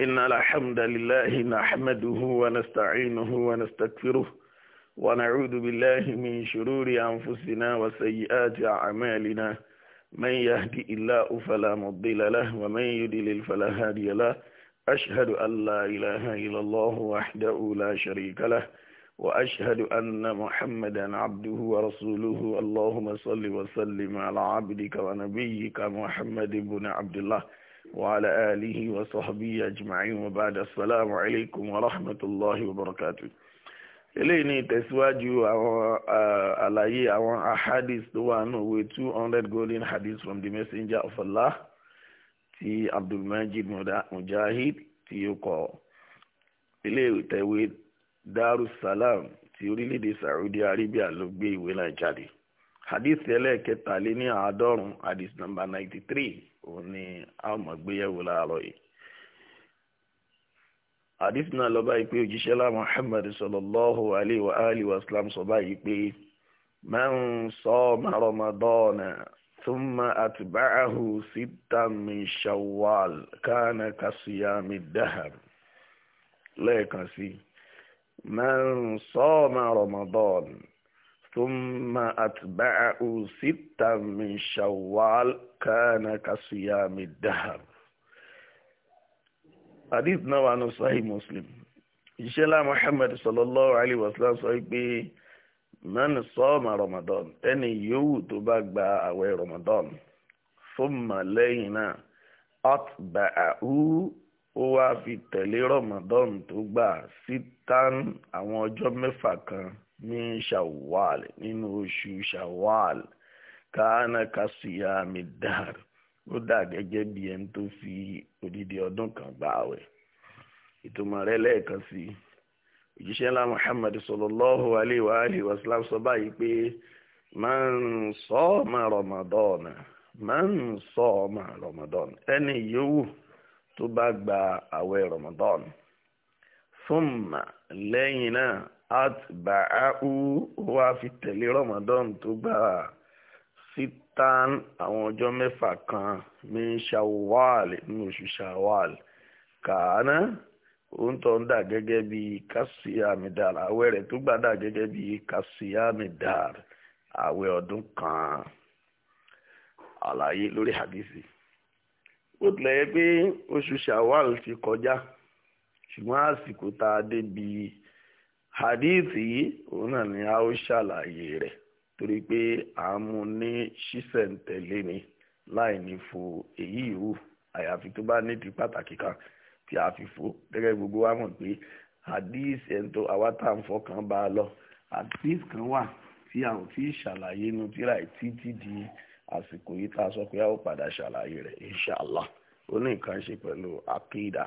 إن الحمد لله نحمده ونستعينه ونستكفره ونعوذ بالله من شرور أنفسنا وسيئات أعمالنا من يهدي الله فلا مضل له ومن يدلل فلا هادي له أشهد أن لا إله إلا الله وحده لا شريك له وأشهد أن محمدا عبده ورسوله اللهم صل وسلم على عبدك ونبيك محمد بن عبد الله وعلى آله وصحبه أجمعين وبعد السلام عليكم ورحمة الله وبركاته eléyìí ni ìtẹ̀síwájú àwọn àlàyé àwọn ahadis tó wà nínú ìwé two hundred golden hadith from the messenger of Allah ti Abdulmajid Mujahid tí ó kọ ilé ìtẹ̀wé Darussalam ti orílẹ̀-èdè Saudi Arabia ló gbé ìwé náà jáde hadith ẹlẹ́ẹ̀kẹtàléní àádọ́rùn-ún hadith number ninety three òun ni a mọ̀ gbéyẹ̀wò láàárọ̀ yìí àdìsí náà lọ báyìí pé òjíṣẹ́ lá Muhammad sallallahu alayhi wa alihi wa sallam sọ báyìí pé man sama Ramadana thumma atba'ahu sittan min Shawwal kana kasiyami dahar lẹ́ẹ̀kan sí man sama Ramadana. ثم أتبعه ستا من شوال كان كصيام الدهر hadith náà wà ní sahih muslim ìṣẹ́lá muhammad sallallahu alayhi wa sallam sọ pé man sọ́ọ̀mà ramadan ẹni yòówù tó bá gba àwẹ̀ ramadan thumma lẹ́yìn náà atba'ahu ó wá fi tẹ̀lé ramadan tó gbà sítan àwọn ọjọ́ mẹ́fà kan min shawwal nínú oṣù shawwal káánà kásìyà midar ó dà gẹ́gẹ́ bí ẹni tó fi odidi ọdún kan gbà wẹ̀ ìtumọ̀ rẹ̀ lẹ́ẹ̀kan sí òjíṣẹ́ ńlá muhammad sallallahu alayhi wa alihi wa sallam sọ báyìí pé man sọ́ọ̀mà rọmọdọ́ọ̀nà man sọ́ọ̀mà rọmọdọ́ọ̀nà ẹni yòówù tó bá gba àwẹ̀ lẹ́yìn náà atba'ahu wá fi tẹ̀lé ramadan tó gbà sitan àwọn ọjọ́ mẹ́fà kan min shawwal nínú oṣù shawwal kàánà òun tó ń dà gẹ́gẹ́ bí kásíámìdàr àwẹ̀ rẹ̀ tó gbà dà gẹ́gẹ́ bí kásíámìdàr àwẹ̀ ọdún kan àlàyé lórí hadisi ó tilẹ̀ yẹ pé oṣù shawwal ti kọjá ṣùgbọ́n àsìkò tá a dé bíi Hadithi yìí òun náà ni a ó ṣàlàyé rẹ̀ torí pé à ń mú ní ṣísẹ̀ntẹ̀lé ni láì ní fo èyí ìhù àyàfi tó bá nídìí pàtàkì kan tí a fi fo gẹ́gẹ́ gbogbo wa mọ̀ pé hadith ẹ̀ńtọ́ àwa tá bá a lọ hadith kan wà tí a ò tí ì ṣàlàyé inú tíra títí di àsìkò yìí tá a sọ pé a ó padà ṣàlàyé rẹ̀ inshàlá ó ní nǹkan ṣe pẹ̀lú àkídà.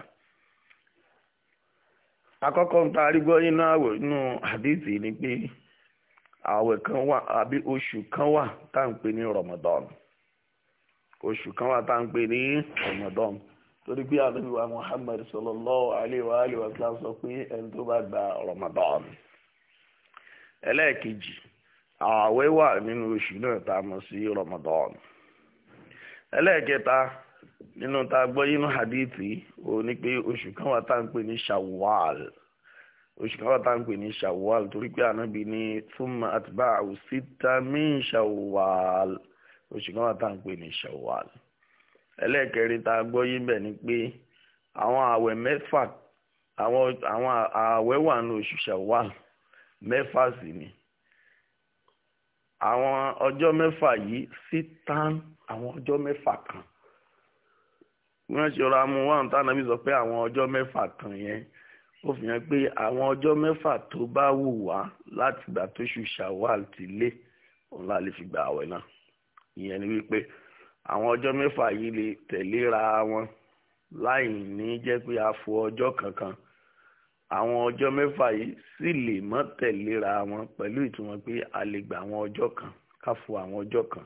akọkọ ń taari gbọ́ nínú àwẹ̀ nínú ni pé àwẹ̀ kan wà àbí oṣù kan wà tá à pè ní Ramadan oṣù kan wà tá sọ pé ẹni tó bá gba Ramadan ẹlẹ́ẹ̀kejì wà nínú oṣù náà tá a mọ̀ sí Ramadan nínú tá a gbọ́ yínú hadithi ó ní pé oṣù kan wà tá à ń pè ní shawwal oṣù kan wà tá à ń pè ní shawwal torí pé ànábì ní thumma atba'u sitta min shawwal oṣù kan wà tá à ń pè ní shawwal ẹlẹ́ẹ̀kẹrin tá gbọ́ yín bẹ̀ ni pé àwọn àwẹ̀ mẹ́fà àwọn àwẹ̀ wà ní oṣù shawwal mẹ́fà sì ni àwọn ọjọ́ mẹ́fà yìí sí tán àwọn ọjọ́ mẹ́fà kan wọ́n ṣe ọ̀rọ̀ amú wọn tá ànábì sọ pé àwọn ọjọ́ mẹ́fà kan yẹn ó fi hàn pé àwọn ọjọ́ mẹ́fà tó bá wù wá láti gbà tó ṣù ṣàwàl ti lé òun la lè fi gba àwẹ̀ náà ìyẹn ni wípé àwọn ọjọ́ mẹ́fà yìí lè tẹ̀léra wọn láì ní jẹ́ pé a fo ọjọ́ kankan àwọn ọjọ́ mẹ́fà yìí sì lè mọ́ tẹ̀léra wọn pẹ̀lú ìtumọ̀ pé a lè gba àwọn ọjọ́ kan ká fo àwọn ọjọ́ kan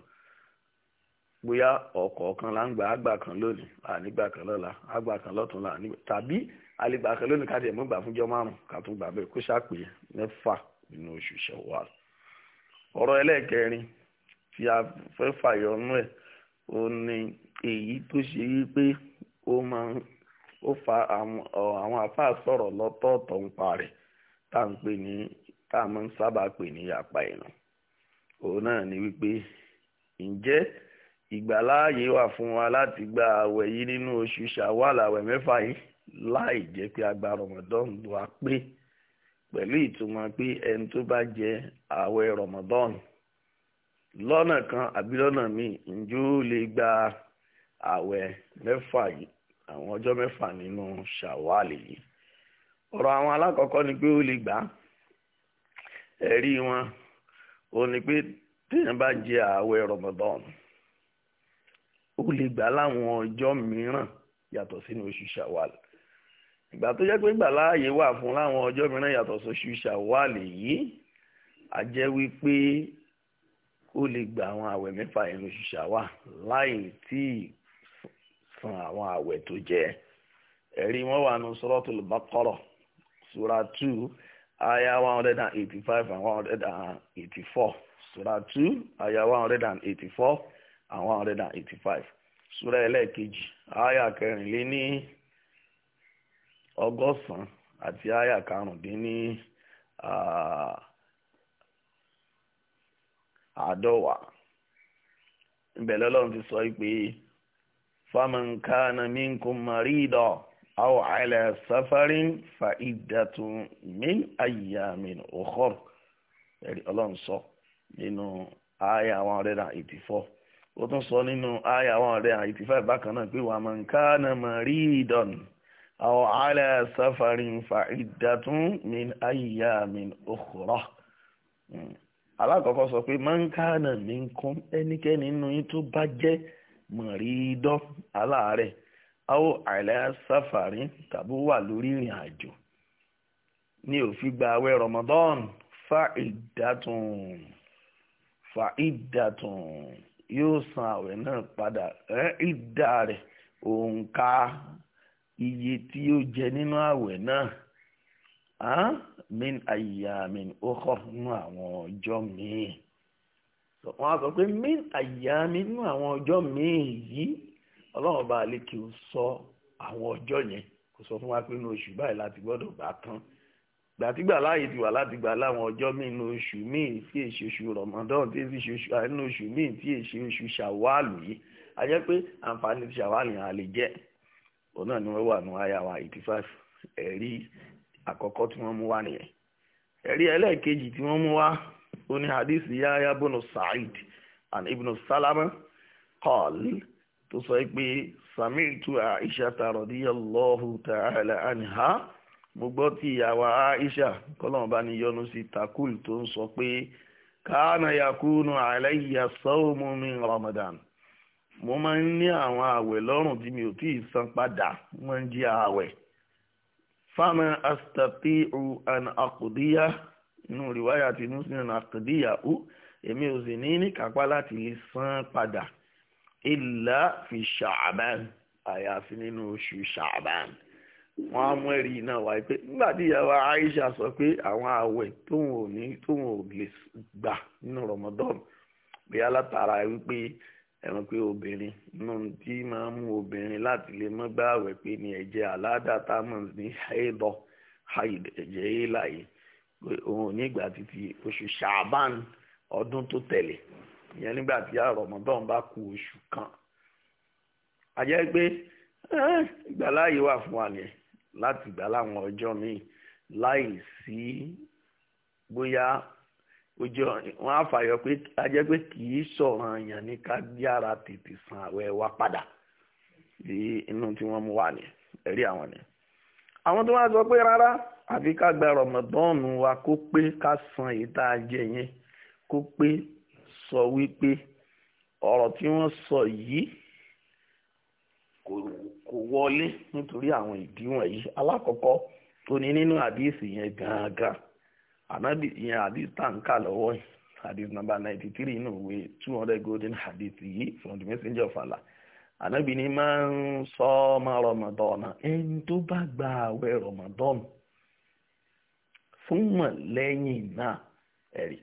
bóyá ọ̀kọ̀ọ̀kan là ń gbà àgbà kan lónìí ànígbà kan lọ́la àgbà kan lọ́tún là nígbà tàbí àlegbà kan lónìí ká tiẹ̀ mọ́ gbà fúnjọ́ márùn-ún ká tún gbà bẹ́ẹ̀ kó ṣàpè mẹ́fà nínú oṣù Ṣawwal. ọ̀rọ̀ ẹlẹ́ẹ̀kẹrin tí a fẹ́ fàyọnú ẹ̀ ó ní èyí tó ṣe wípé ó máa ń ó fa àwọn àfáà sọ̀rọ̀ lọ́tọ̀ọ̀tọ̀ ń pa rẹ̀ tá à ń pè ní tá à ìgbàláàyè wà fún wa láti gba àwẹ̀ yìí nínú oṣù ṣàwàlà àwẹ̀ mẹ́fà yìí láì jẹ́ pé agba rọmọdán wà pé pẹ̀lú ìtumọ̀ pé ẹni tó bá jẹ àwẹ̀ rọmọdán lọ́nà kan àbí lọ́nà míì ǹjọ́ lè gba àwẹ̀ mẹ́fà yìí àwọn ọjọ́ mẹ́fà nínú ṣàwàlì yìí ọ̀rọ̀ àwọn alákọ̀ọ́kọ́ ni pé ó lè gbà ẹ̀rí wọn ò ní pé téèyàn bá jẹ àwẹ̀ rọmọdán ó lè gbà láwọn ọjọ́ mìíràn yàtọ̀ sínú oṣù Ṣawal ìgbà tó jẹ́ pé gbà láàyè wà fún láwọn ọjọ́ mìíràn yàtọ̀ sóṣù Ṣawal yìí a jẹ́ wípé ó lè gba àwọn àwẹ̀ mẹ́fà ẹnu oṣù Ṣawal láì tí ì san àwọn àwẹ̀ tó jẹ ẹ̀rí wọn wà nù Suratul Baqara sura two aya one hundred and eighty five and one hundred and eighty four sura two aya one hundred and eighty four. 185 sura elekeji aya kẹrìnlé ní ọgọ́sàn àti aya karùndín ní àádọ́wà ìbẹ̀lẹ́lọ́run ti sọ pé fámánká na mínkù marido awọ àìlẹ̀ safarin fa ìdàtún min ayya min ọkọ̀ ẹ̀rí ọlọ́run sọ nínú aya 184 ó tún sọ nínú àyà àwọn ọ̀rẹ́ àìtì fáì bákan náà pé wàá máa ń ká náà mọ̀ rí ìdọ̀n àwọn àlẹ́ sáfàrin fa ìdàtún mi àyíyá mi òkúrọ̀ hmm. alákọ̀ọ́kọ́ sọ pé máa ń ká náà mi ń kún ẹnikẹ́ni nínú yín tó bá jẹ́ mọ̀ rí ìdọ̀ aláàárẹ̀ àwọn àlẹ́ sáfàrin tàbí wà lórí ìrìn àjò ní òfin gba àwẹ̀ Ramadan fa ìdàtún fa ìdàtún yóò san àwẹ̀ náà padà ìdá rẹ̀ òǹkà iye tí yóò jẹ nínú àwẹ̀ náà min ayamin okọ nínú àwọn ọjọ́ míì wọ́n sọ pé min ayamin nínú àwọn ọjọ́ míì yìí ọlọ́run bá lè kí o sọ àwọn ọjọ́ yẹn kò sọ fún wa pé inú oṣù báyìí láti gbọ́dọ̀ bá tán gbàtígbà láàyè ti wà láti gbà láwọn ọjọ́ míì nínú oṣù míì tí èṣe oṣù rọmọdán tí èṣe oṣù àìnú oṣù míì tí èṣe oṣù ṣàwálù yìí a jẹ́ pé àǹfààní ti ṣàwálù yẹn a lè jẹ́ òun náà ni wọ́n wà ní àyà wa eighty five ẹ̀rí àkọ́kọ́ tí wọ́n mú wá nìyẹn ẹ̀rí ẹlẹ́ẹ̀kejì tí wọ́n mú wá ó ní hadith yahya bono sa'id and ibn salama qal tó sọ pé sami'tu aisha radiyallahu ta'ala anha mo gbọ́ tí ìyàwó Aisha kọ́lọ́mù bá ní yọnu sí takul tó ń sọ pé káànà yakunu alayya sawmu min Ramadan mo máa ń ní àwọn àwẹ̀ lọ́rùn tí mi ò tí ì san padà wọ́n ń jí àwẹ̀ fama astati'u an akudiya inú rìwáyà tí muslim akudiya ó èmi ò sì ní ní kápá láti lè san padà illa fi ṣàbán àyàfi nínú oṣù ṣàbán wọ́n á mú ẹ̀rí náà wáyé pé nígbà tí ìyàwó Aisha sọ pé àwọn àwẹ̀ tóun ò ní tóun ò lè gbà nínú Ramadan bóyá látara wípé ẹran pé obìnrin náà tí máa mú obìnrin láti lè mọ́ gbà àwẹ̀ pé ní ẹ̀jẹ̀ aládàá táwọn ní haidọ̀ ẹ̀jẹ̀ hélà yìí pé òun ò ní ìgbà títí oṣù Ṣàbán ọdún tó tẹ̀lé ìyẹn nígbà tí Ramadan bá kù oṣù kan àjẹ́ pé ìgbàláyè wà fún wa nìyẹn láti gbà láwọn ọjọ́ míì láì sí bóyá ojú wọn á fàyọ pé ajẹ́ pé kì í sọ̀rọ̀ èèyàn ní ká yára tètè san àwẹ̀ wa padà bí inú tí wọ́n mú wà ní ẹ̀rí àwọn ni. àwọn tó wáá sọ pé rárá àfi ká gba rọmọdọ́ọ̀nù wa kó pé ká san èyí tá a jẹ yẹn kó pé sọ wípé ọ̀rọ̀ tí wọ́n sọ yìí kò wọlé nítorí àwọn ìdí wọ̀nyí alákọ̀ọ́kọ́ tó ní nínú àdíìsì yẹn gangan ànábì yẹn àdíìsì tá ń kà lọ́wọ́ inú ìwé two hundred golden hadith yìí from the messenger of Allah ànábì ni máa ń sọ ọmọ rọmọdọ́nà ẹni tó bá gba àwẹ̀ rọmọdọ́nà fún mọ̀ lẹ́yìn náà ẹ̀rí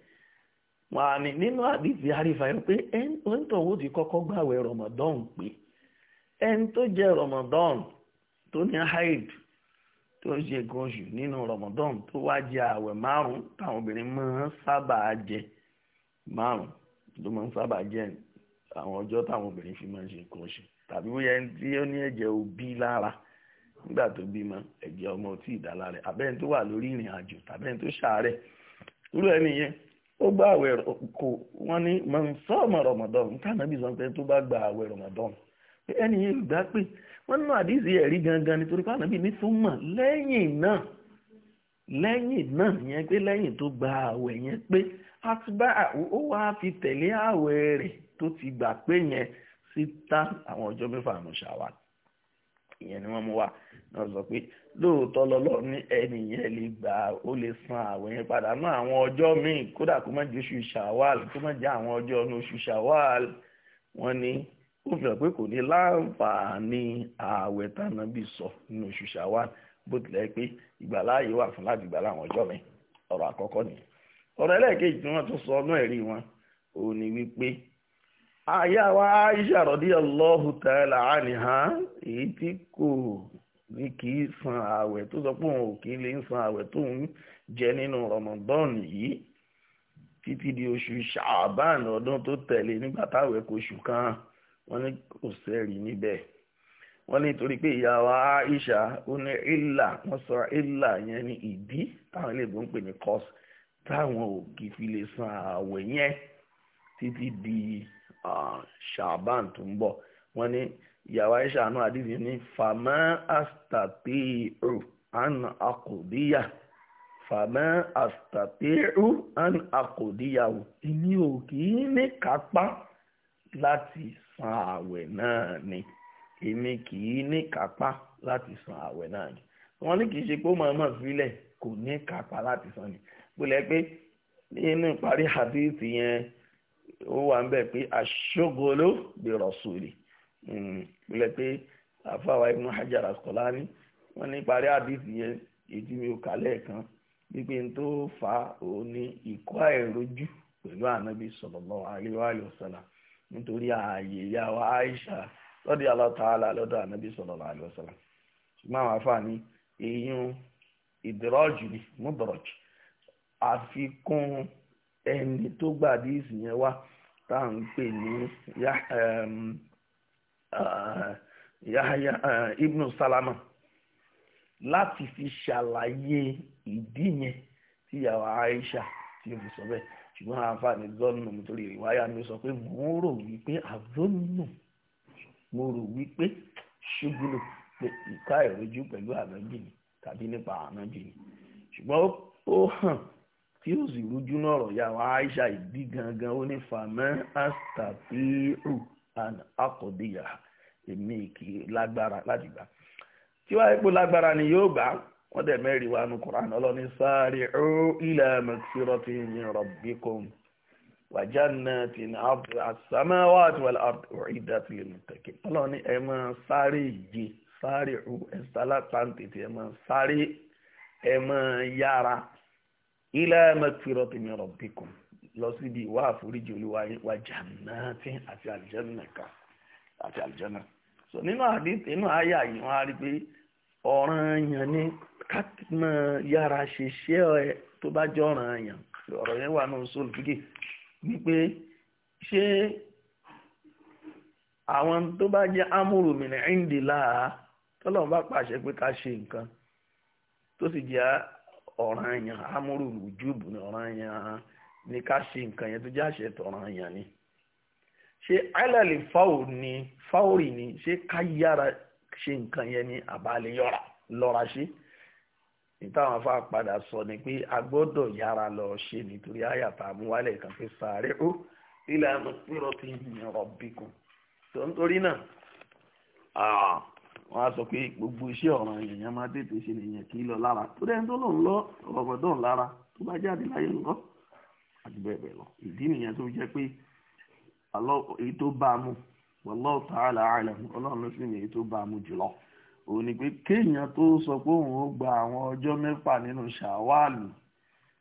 wọn ni nínú àdíìsì àrífà yẹn pé ẹni tó ń ti kọ́kọ́ ẹni tó jẹ Ramadan tó ní haid tó ń ṣe nínú Ramadan tó wá jẹ ààwẹ̀ márùn táwọn obìnrin máa ń sábà jẹ márùn ló máa ń sábà jẹ àwọn ọjọ́ táwọn obìnrin fi máa ń ṣe nǹkan oṣù tàbí bóyá ẹni tí ó ní ẹ̀jẹ̀ òbí lára nígbà tó bímọ ẹ̀jẹ̀ ọmọ tí ìdálá rẹ̀ abẹ́ni tó wà lórí ìrìn àjò tàbẹ́ni tó ṣàárẹ̀ irú ẹni yẹn ó gba àwẹ̀ kò wọ́n ní mọ̀ ń Ramadan táwọn ẹbí sọ pé tó bá gba àwẹ̀ Ramadan ẹni yẹn yóò dápè wọ́n nínú àdìsí ẹ̀rí gangan nítorí pàánà bíi nísúmọ lẹ́yìn náà lẹ́yìn náà yẹn pé lẹ́yìn tó gba àwẹ̀ yẹn pé àtúbà ó wàá fi tẹ̀lé àwẹ̀ rẹ̀ tó ti gbà pé yẹn síta àwọn ọjọ́ mẹ́fà àmúṣàwà ìyẹn ni wọ́n mú wá náà sọ pé lóòótọ́ lọ́lọ́ ní ẹnìyẹn lè gbà ó lè san àwẹ̀ yẹn padà mọ́ àwọn ọjọ́ míì kódà kó má jẹ́ oṣù ṣàwàl kó má jẹ́ àwọn ọjọ́ oṣù ṣàwàl wọ́n ní ó fi hàn pé kò ní láǹfààní ààwẹ̀ tánà bí sọ nínú oṣù ṣàwá bó tilẹ̀ pé ìgbàláàyè wà fún láti gbà láwọn ọjọ́ mi ọ̀rọ̀ àkọ́kọ́ ni ọ̀rọ̀ ẹlẹ́ẹ̀kejì tí wọ́n tún sọ ọ́nà ẹ̀rí wọn ò ní wípé àyà wa Aisha radiyallahu ta'ala anha èyí tí kò ní kì í san ààwẹ̀ tó sọ pé òun ò kì lè san ààwẹ̀ tó ń jẹ nínú Ramadan yìí títí di oṣù ṣàbán ọdún tó tẹ̀lé nígbà táwẹ̀ kò ṣù kan wọ́n ní kò sẹ́rí níbẹ̀ wọ́n ní torí pé ìyá wa Aisha ó ní ìlà wọ́n sọ ìlà yẹn ní ìdí táwọn ilé ìbò ń pè ní cos táwọn òkè fi lè san ààwẹ̀ yẹn títí di ṣàbán tó ń bọ̀ wọ́n ní ìyá wa Aisha àánú àdìsí ní fàmọ́ àstàtìrù àna àkùdíyà fàmọ́ àstàtìrù àna àkùdíyà èmi ò kì í ní kápá láti san ààwẹ̀ náà ni èmi kì í ní kápá láti san ààwẹ̀ náà ni wọ́n ní kì í ṣe pé ó mọ̀ọ́mọ̀ sílẹ̀ kò ní láti san ni gbọ́dọ̀ pé nínú ìparí hadithi yẹn ó wà ń bẹ̀ pé aṣọ́golo bi rasuli gbọ́dọ̀ hmm, pé àfàwà ibn hajar asqalani wọ́n ní ìparí hadithi yẹn èdè mi ò kà lẹ́ẹ̀kan wípé n tó fa òun ní ìkọ́ àìrójú pẹ̀lú ànábi sallallahu alaihi wa sallam nítorí ààyè ìyá wa Aisha lọ́dọ̀ Allah Ta'ala lọ́dọ̀ ànábì sallallahu alaihi wasallam ṣùgbọ́n àwọn afáàní èèyàn ìdírọ́jù ni múdọ̀rọ̀jù àfikún ẹni tó gbà díìsì wá tá à ń pè ní ya um, uh, uh, ibn Salama láti fi ṣàlàyé ìdí yẹn tíyàwó Aisha tí o fi sọ bẹ́ẹ̀ ṣùgbọ́n àǹfààní zọ́nù nítorí ìwáyà mi sọ pé mo rò wípé àzọ́nù mo rò wípé ṣúgbìlù pé ìka ìrojú pẹ̀lú ànábì ni tàbí nípa ànábì ni ṣùgbọ́n ó hàn tí ó sì rújú náà ọ̀rọ̀ ya wa Aisha ìdí gangan ó ní fàmẹ́ astapiru and akọ̀déyà èmi kì í lágbára láti gbà tí wàá pò lágbára ni yóò gbà á wọ́n dẹ̀ mẹ́rin wa nu Qur'an ọlọ́ni sari'u ila magfirati min rabbikum wa jannatin arduha as-samawati wal ardu u'iddat lil muttaqin ọlọ́ni ẹ máa sáré ìje sari'u ẹ̀sálàtàǹtìtì ẹ máa sáré ẹ máa yára ila magfirati min rabbikum lọ síbi ìwà àforíjì olúwa yín wa jannatin àti àlìjánà ká àti àlìjánà so nínú àdí inú àyà yìí wọ́n á rí pé ọ̀ràn yẹn ní ká máa yára ṣe ṣe ẹ tó bá jọ̀ràn àyàn ọ̀rọ̀ yẹn wà náà sóòlù fíkì wípé ṣé àwọn tó bá jẹ́ amúrùmìnà ìndìlá tọ́lọ́run bá pàṣẹ pé ká ṣe nǹkan tó sì jẹ́ ọ̀ràn àyàn amúrùmùjúbù ní ọ̀ràn àyàn ní ká ṣe nǹkan yẹn tó jẹ́ àṣẹ tọ̀ràn àyàn ni ṣé àìlẹ́lẹ̀ fáwọ̀rì ni ṣé ká yára ṣe nǹkan yẹn ní àbálẹ̀ yọ̀rà lọ́ra ṣe. nítawọn afá padà sọ ni pé a yara yára lọ ṣe nítorí àyàtà àmúwálẹ̀ kan fi sáré ó ilẹ̀ ti yìn tó ń torí náà wọ́n á sọ pé gbogbo iṣẹ́ ọ̀ràn èèyàn máa tètè ṣe nìyẹn kì í lọ lára tó dẹ́ni tó lòun lọ rọ̀mọ̀dán lára tó bá jáde láyé nǹkan àti bẹ́ẹ̀ bẹ́ẹ̀ lọ ìdí nìyẹn tó jẹ́ pé èyí tó bá a mú òun ni pé kéèyàn tó sọ pé òun ó gba àwọn ọjọ́ mẹ́fà nínú ṣàwálù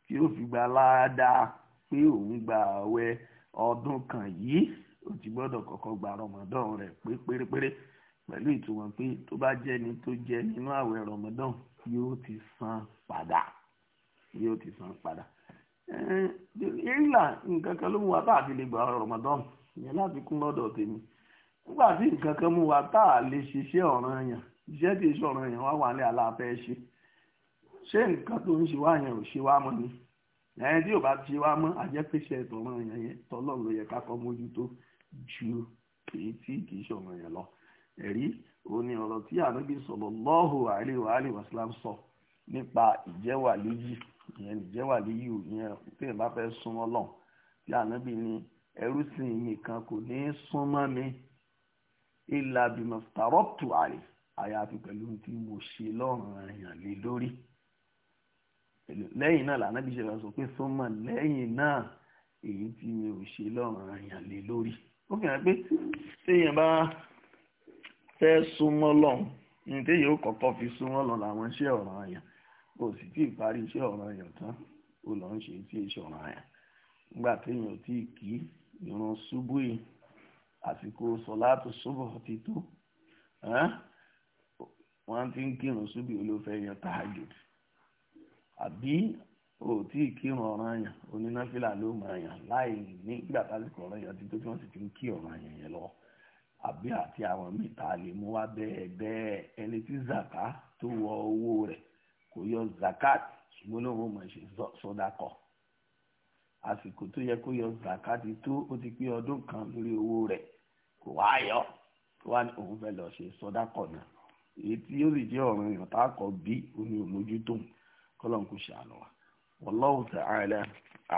kí ó fi gba ládàá pé òun gba ààwẹ̀ ọdún kan yìí ó ti gbọ́dọ̀ kọ́kọ́ gba rọmọdán rẹ̀ pé pérépéré pẹ̀lú ìtumọ̀ pé tó bá jẹ́ni tó jẹ nínú ààwẹ̀ rọmọdán yóò ti san padà yóò ti san padà. ìlà nǹkan kan ló mú wa tá a fi lè gba rọmọdán yẹn láti kún lọ́dọ̀ tèmi nígbà tí nǹkan kan mú wa tá a lè ṣiṣẹ́ ọ̀ranyàn iṣẹ́ tí ìṣòro yẹn wá wà ní aláfẹ́ ṣe ṣé nǹkan tó ń ṣe wá yẹn ò ṣe wá mọ́ ni ẹ̀yìn tí ò bá ṣe wá mọ́ àjẹpẹ́ṣẹ́ ìtọ̀ràn yẹn yẹn tọ́lọ́ ló yẹ kákọ́ mójútó ju èyí tí kì í ṣòro yẹn lọ ẹ̀rí òun ni ọ̀rọ̀ tí ànábì sallallahu alaihi wa alihi sọ nípa ìjẹ́wàlíyì ìyẹn ìjẹ́wàlíyì ìyẹn tí èèyàn bá fẹ́ súnmọ́ lọ́n tí ànábì ní ẹrú sìn mi kò ní í súnmọ́ mi ìlà bìmọ̀ tààrọ̀ tù àlè àyàfi pẹ̀lú tí mo ṣe lọ́rùn èèyàn lé lórí lẹ́yìn náà lànà bí ṣẹlẹ̀ sọ pé sọ́mọ̀ lẹ́yìn náà èyí tí mi ò ṣe lọ́rùn èèyàn lé lórí ó fi hàn pé téèyàn bá fẹ́ súnmọ́ lọ́hùn ní téèyàn ó kọ́kọ́ fi súnmọ́ lọ́hùn làwọn iṣẹ́ ọ̀ràn èèyàn kò sì tí ì parí iṣẹ́ ọ̀ràn èèyàn tán ó lọ́n ṣe tí iṣẹ́ ọ̀ràn èèyàn nígbà téèyàn tí ì kí ìrun ṣubú yìí àsìkò sọ̀látù ṣubú ti tó wọ́n ti ń kírun súbì olófẹ́ yan tahajjud àbí o tí ì kírun ọ̀ràn yàn onínáfílà ló máa yàn láì nígbà tásìkò ọ̀ràn yàn títí tí wọ́n sì ti ń kí ọ̀ràn yàn yẹn lọ àbí àti àwọn mìta lè mú wá bẹ́ẹ̀ bẹ́ẹ̀ ẹni tí zaka tó wọ owó rẹ̀ kò yọ zakat ṣùgbọ́n lóun ò mọ̀ ṣe sọ́dákọ̀ àsìkò tó yẹ kó yọ zakat tó ó ti pé ọdún kan lórí owó rẹ̀ kò wá yọ wá ní òun fẹ́ lọ ṣe sọ́dákọ̀ náà èyí tí yóò sì jẹ́ ọ̀ràn ìyọ̀tá kọ bí oní òmójútó kọ́lọ́n kò ṣàánú wa wallahu ta'ala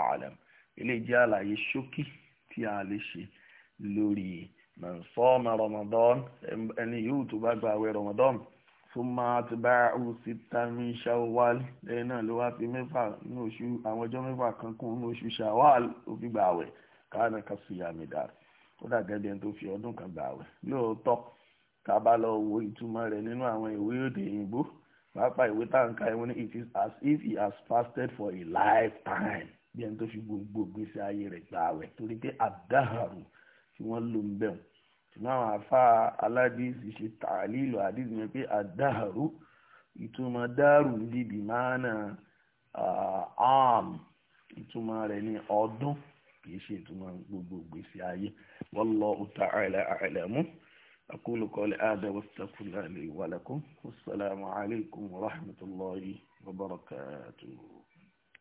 a'lam ilé jẹ́ àlàyé ṣókí tí a lè ṣe lórí e. mọ̀nsọ́ọ̀mà ramadan ẹni yóò tó bá gba àwẹ̀ ramadan thumma atba'u sittan min shawwal lẹ́yìn náà ló wá fi mẹ́fà ní oṣù àwọn ọjọ́ mẹ́fà kan kún ní oṣù shawwal ó fi gba àwẹ̀ káàna kásìyàmì dà ó dàgẹ́ bí ẹni tó fi ọdún kan gba àwẹ̀ lóòótọ́ ká bá lọ wo ìtumọ̀ rẹ̀ nínú àwọn ìwé òde òyìnbó pàápàá ìwé táǹkà ẹ̀wọ̀n ní it is as if he has fasted for a lifetime bí ẹni tó fi gbogbo gbèsè ayé rẹ̀ gbà wẹ̀ torí pé àdáhàrù tí wọ́n lò ń bẹ̀rù ṣùgbọ́n àwọn afá aládìsí ṣe tààlílò àdìsí yẹn pé àdáhàrù ìtumọ̀ dárù ń dìbì máàna arm ìtumọ̀ rẹ̀ ní ọdún kì í ṣe ìtumọ̀ gbogbo gbèsè ayé wallahu ta'ala a'lamu. أقول قولي هذا واستغفر الله لي ولكم والسلام عليكم ورحمة الله وبركاته